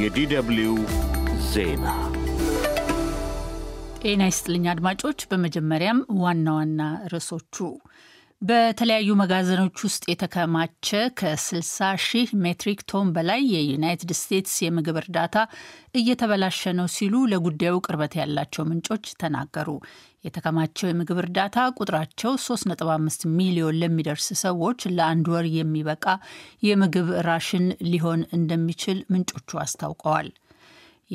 የዲደብሊው ዜና ጤና ይስጥልኝ አድማጮች። በመጀመሪያም ዋና ዋና ርዕሶቹ በተለያዩ መጋዘኖች ውስጥ የተከማቸ ከ60 ሺህ ሜትሪክ ቶን በላይ የዩናይትድ ስቴትስ የምግብ እርዳታ እየተበላሸ ነው ሲሉ ለጉዳዩ ቅርበት ያላቸው ምንጮች ተናገሩ። የተከማቸው የምግብ እርዳታ ቁጥራቸው 3.5 ሚሊዮን ለሚደርስ ሰዎች ለአንድ ወር የሚበቃ የምግብ ራሽን ሊሆን እንደሚችል ምንጮቹ አስታውቀዋል።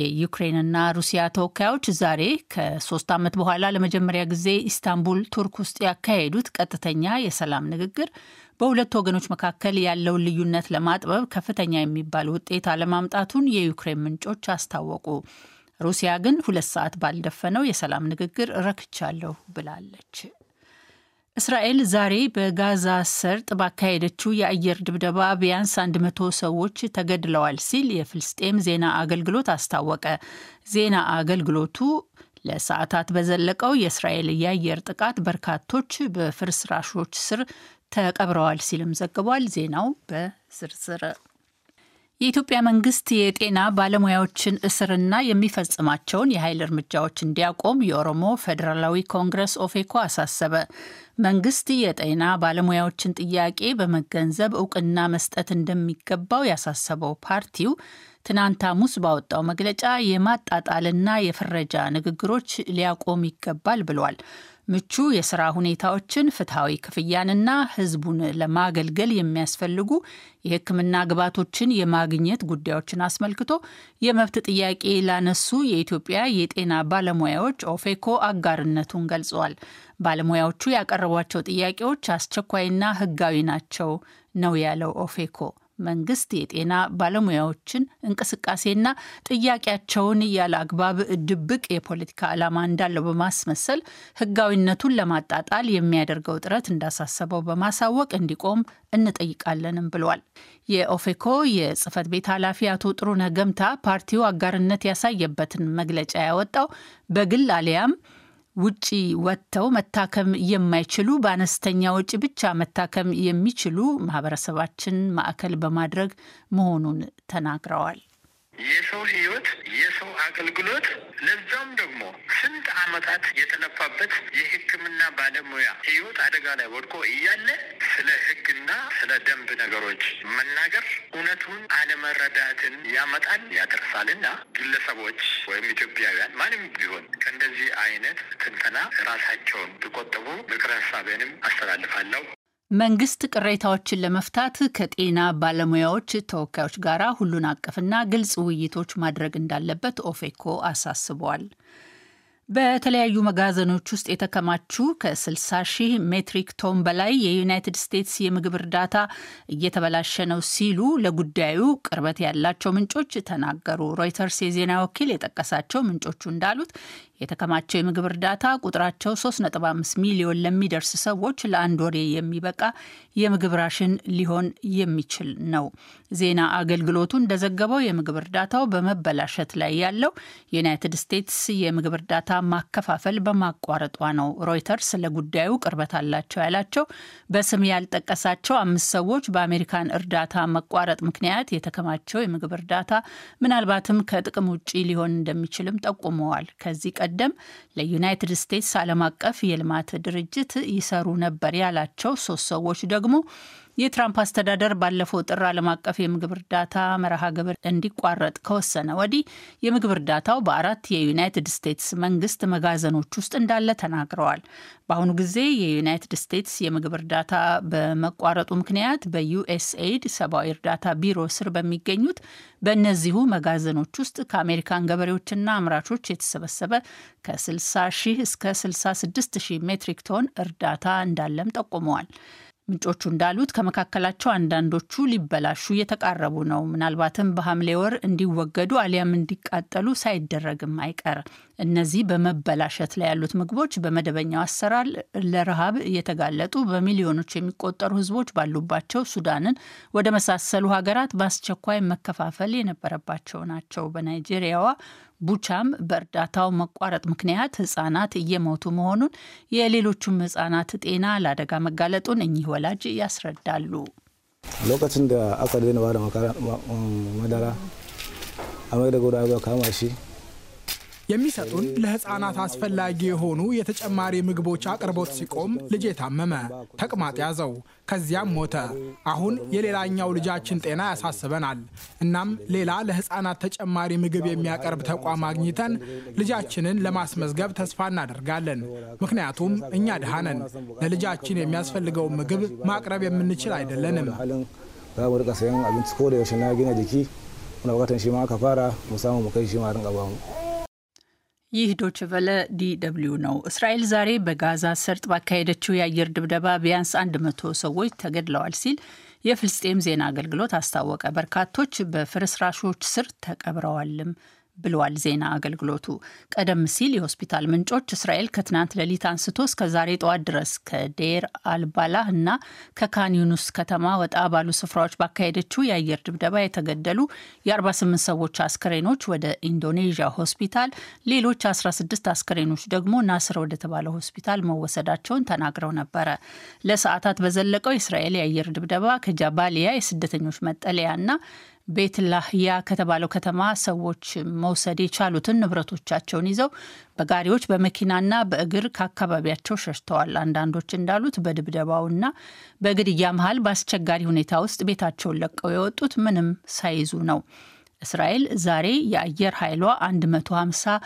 የዩክሬንና ሩሲያ ተወካዮች ዛሬ ከሶስት ዓመት በኋላ ለመጀመሪያ ጊዜ ኢስታንቡል ቱርክ ውስጥ ያካሄዱት ቀጥተኛ የሰላም ንግግር በሁለት ወገኖች መካከል ያለውን ልዩነት ለማጥበብ ከፍተኛ የሚባል ውጤት አለማምጣቱን የዩክሬን ምንጮች አስታወቁ። ሩሲያ ግን ሁለት ሰዓት ባልደፈነው የሰላም ንግግር ረክቻለሁ ብላለች። እስራኤል ዛሬ በጋዛ ሰርጥ ባካሄደችው የአየር ድብደባ ቢያንስ 100 ሰዎች ተገድለዋል ሲል የፍልስጤም ዜና አገልግሎት አስታወቀ። ዜና አገልግሎቱ ለሰዓታት በዘለቀው የእስራኤል የአየር ጥቃት በርካቶች በፍርስራሾች ስር ተቀብረዋል ሲልም ዘግቧል። ዜናው በዝርዝር የኢትዮጵያ መንግስት የጤና ባለሙያዎችን እስርና የሚፈጽማቸውን የኃይል እርምጃዎች እንዲያቆም የኦሮሞ ፌዴራላዊ ኮንግረስ ኦፌኮ አሳሰበ። መንግስት የጤና ባለሙያዎችን ጥያቄ በመገንዘብ እውቅና መስጠት እንደሚገባው ያሳሰበው ፓርቲው ትናንት ሐሙስ ባወጣው መግለጫ የማጣጣልና የፍረጃ ንግግሮች ሊያቆም ይገባል ብሏል። ምቹ የስራ ሁኔታዎችን፣ ፍትሐዊ ክፍያንና ህዝቡን ለማገልገል የሚያስፈልጉ የህክምና ግብዓቶችን የማግኘት ጉዳዮችን አስመልክቶ የመብት ጥያቄ ላነሱ የኢትዮጵያ የጤና ባለሙያዎች ኦፌኮ አጋርነቱን ገልጸዋል። ባለሙያዎቹ ያቀረቧቸው ጥያቄዎች አስቸኳይና ህጋዊ ናቸው ነው ያለው ኦፌኮ። መንግስት የጤና ባለሙያዎችን እንቅስቃሴና ጥያቄያቸውን ያለ አግባብ ድብቅ የፖለቲካ ዓላማ እንዳለው በማስመሰል ህጋዊነቱን ለማጣጣል የሚያደርገው ጥረት እንዳሳሰበው በማሳወቅ እንዲቆም እንጠይቃለንም ብሏል። የኦፌኮ የጽህፈት ቤት ኃላፊ አቶ ጥሩነህ ገምታ ፓርቲው አጋርነት ያሳየበትን መግለጫ ያወጣው በግል አሊያም ውጪ ወጥተው መታከም የማይችሉ በአነስተኛ ወጪ ብቻ መታከም የሚችሉ ማህበረሰባችን ማዕከል በማድረግ መሆኑን ተናግረዋል። የሰው ህይወት፣ የሰው አገልግሎት ለዛም ደግሞ ስንት አመታት የተለፋበት የህክምና ባለሙያ ህይወት አደጋ ላይ ወድቆ እያለ ስለ ህግና ስለ ደንብ ነገሮች መናገር እውነቱን አለመረዳትን ያመጣል ያደርሳልና ግለሰቦች ወይም ኢትዮጵያውያን ማንም ቢሆን ከእንደዚህ አይነት ትንተና ራሳቸውን ቢቆጠቡ ምክረ ሀሳቤንም አስተላልፋለሁ። መንግስት ቅሬታዎችን ለመፍታት ከጤና ባለሙያዎች ተወካዮች ጋር ሁሉን አቀፍና ግልጽ ውይይቶች ማድረግ እንዳለበት ኦፌኮ አሳስበዋል። በተለያዩ መጋዘኖች ውስጥ የተከማቹ ከ60 ሺህ ሜትሪክ ቶን በላይ የዩናይትድ ስቴትስ የምግብ እርዳታ እየተበላሸ ነው ሲሉ ለጉዳዩ ቅርበት ያላቸው ምንጮች ተናገሩ። ሮይተርስ የዜና ወኪል የጠቀሳቸው ምንጮቹ እንዳሉት የተከማቸው የምግብ እርዳታ ቁጥራቸው 3.5 ሚሊዮን ለሚደርስ ሰዎች ለአንድ ወሬ የሚበቃ የምግብ ራሽን ሊሆን የሚችል ነው። ዜና አገልግሎቱ እንደዘገበው የምግብ እርዳታው በመበላሸት ላይ ያለው የዩናይትድ ስቴትስ የምግብ እርዳታ ማከፋፈል በማቋረጧ ነው። ሮይተርስ ለጉዳዩ ቅርበት አላቸው ያላቸው በስም ያልጠቀሳቸው አምስት ሰዎች በአሜሪካን እርዳታ መቋረጥ ምክንያት የተከማቸው የምግብ እርዳታ ምናልባትም ከጥቅም ውጪ ሊሆን እንደሚችልም ጠቁመዋል። ከዚህ ቀደም ለዩናይትድ ስቴትስ ዓለም አቀፍ የልማት ድርጅት ይሰሩ ነበር ያላቸው ሶስት ሰዎች ደግሞ የትራምፕ አስተዳደር ባለፈው ጥር ዓለም አቀፍ የምግብ እርዳታ መርሃ ግብር እንዲቋረጥ ከወሰነ ወዲህ የምግብ እርዳታው በአራት የዩናይትድ ስቴትስ መንግስት መጋዘኖች ውስጥ እንዳለ ተናግረዋል። በአሁኑ ጊዜ የዩናይትድ ስቴትስ የምግብ እርዳታ በመቋረጡ ምክንያት በዩኤስኤይድ ሰብአዊ እርዳታ ቢሮ ስር በሚገኙት በእነዚሁ መጋዘኖች ውስጥ ከአሜሪካን ገበሬዎችና አምራቾች የተሰበሰበ ከ60 ሺህ እስከ 66 ሺህ ሜትሪክ ቶን እርዳታ እንዳለም ጠቁመዋል። ምንጮቹ እንዳሉት ከመካከላቸው አንዳንዶቹ ሊበላሹ እየተቃረቡ ነው። ምናልባትም በሐምሌ ወር እንዲወገዱ አሊያም እንዲቃጠሉ ሳይደረግም አይቀር። እነዚህ በመበላሸት ላይ ያሉት ምግቦች በመደበኛው አሰራር ለረሃብ እየተጋለጡ በሚሊዮኖች የሚቆጠሩ ሕዝቦች ባሉባቸው ሱዳንን ወደ መሳሰሉ ሀገራት በአስቸኳይ መከፋፈል የነበረባቸው ናቸው። በናይጄሪያዋ ቡቻም በእርዳታው መቋረጥ ምክንያት ህጻናት እየሞቱ መሆኑን፣ የሌሎቹም ህጻናት ጤና ለአደጋ መጋለጡን እኚህ ወላጅ ያስረዳሉ። ሎቀት እንደ አቀድ ባለ መዳራ አመደ ጎዳ ካማሺ የሚሰጡን ለህፃናት አስፈላጊ የሆኑ የተጨማሪ ምግቦች አቅርቦት ሲቆም ልጄ ታመመ፣ ተቅማጥ ያዘው፣ ከዚያም ሞተ። አሁን የሌላኛው ልጃችን ጤና ያሳስበናል። እናም ሌላ ለህፃናት ተጨማሪ ምግብ የሚያቀርብ ተቋም አግኝተን ልጃችንን ለማስመዝገብ ተስፋ እናደርጋለን። ምክንያቱም እኛ ድሃ ነን፣ ለልጃችን የሚያስፈልገውን ምግብ ማቅረብ የምንችል አይደለንም። za mu rika sayan abinci ko ይህ ዶችቨለ ዲደብሊው ነው። እስራኤል ዛሬ በጋዛ ሰርጥ ባካሄደችው የአየር ድብደባ ቢያንስ አንድ መቶ ሰዎች ተገድለዋል ሲል የፍልስጤም ዜና አገልግሎት አስታወቀ። በርካቶች በፍርስራሾች ስር ተቀብረዋልም። ብለዋል ዜና አገልግሎቱ። ቀደም ሲል የሆስፒታል ምንጮች እስራኤል ከትናንት ሌሊት አንስቶ እስከ ዛሬ ጠዋት ድረስ ከዴር አልባላህ እና ከካንዩኑስ ከተማ ወጣ ባሉ ስፍራዎች ባካሄደችው የአየር ድብደባ የተገደሉ የ48 ሰዎች አስክሬኖች ወደ ኢንዶኔዥያ ሆስፒታል፣ ሌሎች 16 አስክሬኖች ደግሞ ናስር ወደተባለ ሆስፒታል መወሰዳቸውን ተናግረው ነበረ። ለሰዓታት በዘለቀው የእስራኤል የአየር ድብደባ ከጃባሊያ የስደተኞች መጠለያ እና ቤትላህያ ከተባለው ከተማ ሰዎች መውሰድ የቻሉትን ንብረቶቻቸውን ይዘው በጋሪዎች በመኪናና በእግር ከአካባቢያቸው ሸሽተዋል። አንዳንዶች እንዳሉት በድብደባውና በግድያ መሀል በአስቸጋሪ ሁኔታ ውስጥ ቤታቸውን ለቀው የወጡት ምንም ሳይዙ ነው። እስራኤል ዛሬ የአየር ኃይሏ 150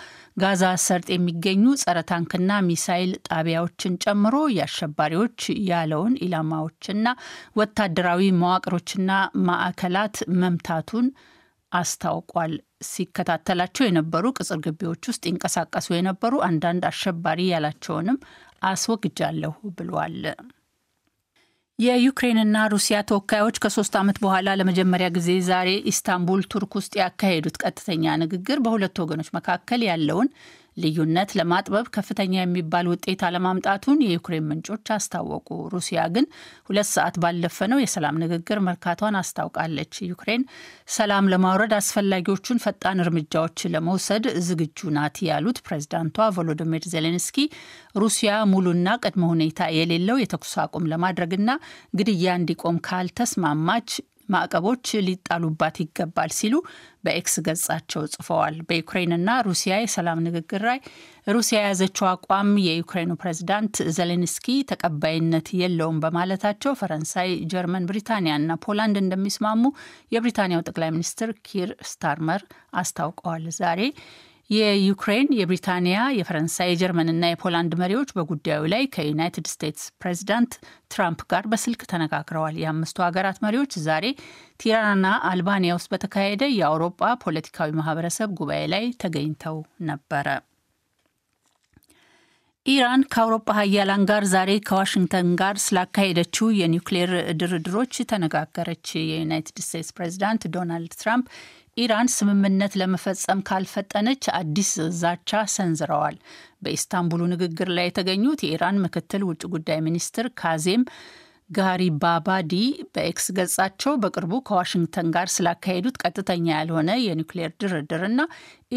ጋዛ ሰርጥ የሚገኙ ጸረ ታንክና ሚሳይል ጣቢያዎችን ጨምሮ የአሸባሪዎች ያለውን ኢላማዎችና ወታደራዊ መዋቅሮችና ማዕከላት መምታቱን አስታውቋል። ሲከታተላቸው የነበሩ ቅጽር ግቢዎች ውስጥ ይንቀሳቀሱ የነበሩ አንዳንድ አሸባሪ ያላቸውንም አስወግጃለሁ ብሏል። የዩክሬንና ሩሲያ ተወካዮች ከሶስት ዓመት በኋላ ለመጀመሪያ ጊዜ ዛሬ ኢስታንቡል ቱርክ ውስጥ ያካሄዱት ቀጥተኛ ንግግር በሁለቱ ወገኖች መካከል ያለውን ልዩነት ለማጥበብ ከፍተኛ የሚባል ውጤት አለማምጣቱን የዩክሬን ምንጮች አስታወቁ። ሩሲያ ግን ሁለት ሰዓት ባለፈነው የሰላም ንግግር መርካቷን አስታውቃለች። ዩክሬን ሰላም ለማውረድ አስፈላጊዎቹን ፈጣን እርምጃዎች ለመውሰድ ዝግጁ ናት ያሉት ፕሬዚዳንቷ ቮሎዲሚር ዜሌንስኪ ሩሲያ ሙሉና ቅድመ ሁኔታ የሌለው የተኩስ አቁም ለማድረግና ግድያ እንዲቆም ካልተስማማች ማዕቀቦች ሊጣሉባት ይገባል ሲሉ በኤክስ ገጻቸው ጽፈዋል። በዩክሬንና ሩሲያ የሰላም ንግግር ላይ ሩሲያ የያዘችው አቋም የዩክሬኑ ፕሬዝዳንት ዘሌንስኪ ተቀባይነት የለውም በማለታቸው ፈረንሳይ፣ ጀርመን፣ ብሪታንያና ፖላንድ እንደሚስማሙ የብሪታንያው ጠቅላይ ሚኒስትር ኪር ስታርመር አስታውቀዋል ዛሬ የዩክሬን፣ የብሪታንያ፣ የፈረንሳይ፣ የጀርመንና የፖላንድ መሪዎች በጉዳዩ ላይ ከዩናይትድ ስቴትስ ፕሬዚዳንት ትራምፕ ጋር በስልክ ተነጋግረዋል። የአምስቱ ሀገራት መሪዎች ዛሬ ቲራናና አልባኒያ ውስጥ በተካሄደ የአውሮጳ ፖለቲካዊ ማህበረሰብ ጉባኤ ላይ ተገኝተው ነበረ። ኢራን ከአውሮፓ ሀያላን ጋር ዛሬ ከዋሽንግተን ጋር ስላካሄደችው የኒውክሌር ድርድሮች ተነጋገረች። የዩናይትድ ስቴትስ ፕሬዚዳንት ዶናልድ ትራምፕ ኢራን ስምምነት ለመፈጸም ካልፈጠነች አዲስ ዛቻ ሰንዝረዋል። በኢስታንቡሉ ንግግር ላይ የተገኙት የኢራን ምክትል ውጭ ጉዳይ ሚኒስትር ካዜም ጋሪ ባባዲ በኤክስ ገጻቸው በቅርቡ ከዋሽንግተን ጋር ስላካሄዱት ቀጥተኛ ያልሆነ የኒውክሌር ድርድርና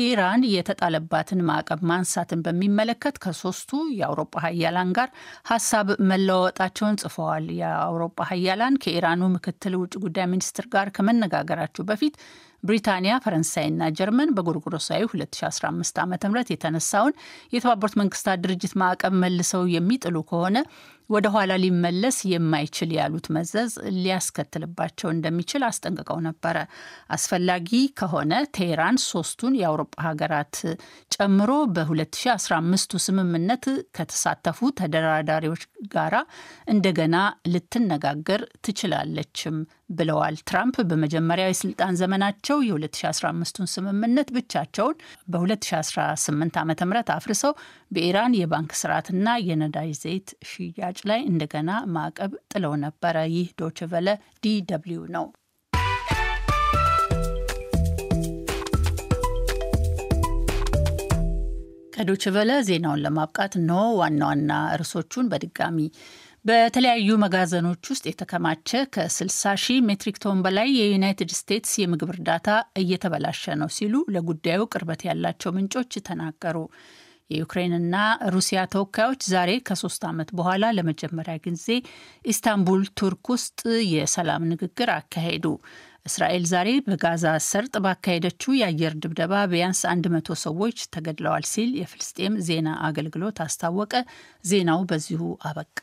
ኢራን የተጣለባትን ማዕቀብ ማንሳትን በሚመለከት ከሶስቱ የአውሮፓ ሀያላን ጋር ሀሳብ መለዋወጣቸውን ጽፈዋል። የአውሮፓ ሀያላን ከኢራኑ ምክትል ውጭ ጉዳይ ሚኒስትር ጋር ከመነጋገራቸው በፊት ብሪታንያ፣ ፈረንሳይና ጀርመን በጎርጎሮሳዊ 2015 ዓ ም የተነሳውን የተባበሩት መንግስታት ድርጅት ማዕቀብ መልሰው የሚጥሉ ከሆነ ወደ ኋላ ሊመለስ የማይችል ያሉት መዘዝ ሊያስከትልባቸው እንደሚችል አስጠንቅቀው ነበረ። አስፈላጊ ከሆነ ቴህራን ሶስቱን የአውሮፓ ሀገራት ጨምሮ በ2015ቱ ስምምነት ከተሳተፉ ተደራዳሪዎች ጋር እንደገና ልትነጋገር ትችላለችም ብለዋል። ትራምፕ በመጀመሪያ የስልጣን ዘመናቸው የ2015ቱን ስምምነት ብቻቸውን በ2018 ዓ ም አፍርሰው በኢራን የባንክ ስርዓትና የነዳጅ ዘይት ሽያጭ ላይ እንደገና ማዕቀብ ጥለው ነበረ። ይህ ዶችቨለ ዲ ደብልዩ ነው። ከዶች ዜናውን ለማብቃት ኖ ዋና ዋና ርዕሶቹን በድጋሚ በተለያዩ መጋዘኖች ውስጥ የተከማቸ ከ60 ሺህ ሜትሪክ ቶን በላይ የዩናይትድ ስቴትስ የምግብ እርዳታ እየተበላሸ ነው ሲሉ ለጉዳዩ ቅርበት ያላቸው ምንጮች ተናገሩ። የዩክሬንና ሩሲያ ተወካዮች ዛሬ ከሶስት ዓመት በኋላ ለመጀመሪያ ጊዜ ኢስታንቡል ቱርክ ውስጥ የሰላም ንግግር አካሄዱ። እስራኤል ዛሬ በጋዛ ሰርጥ ባካሄደችው የአየር ድብደባ ቢያንስ 100 ሰዎች ተገድለዋል ሲል የፍልስጤም ዜና አገልግሎት አስታወቀ። ዜናው በዚሁ አበቃ።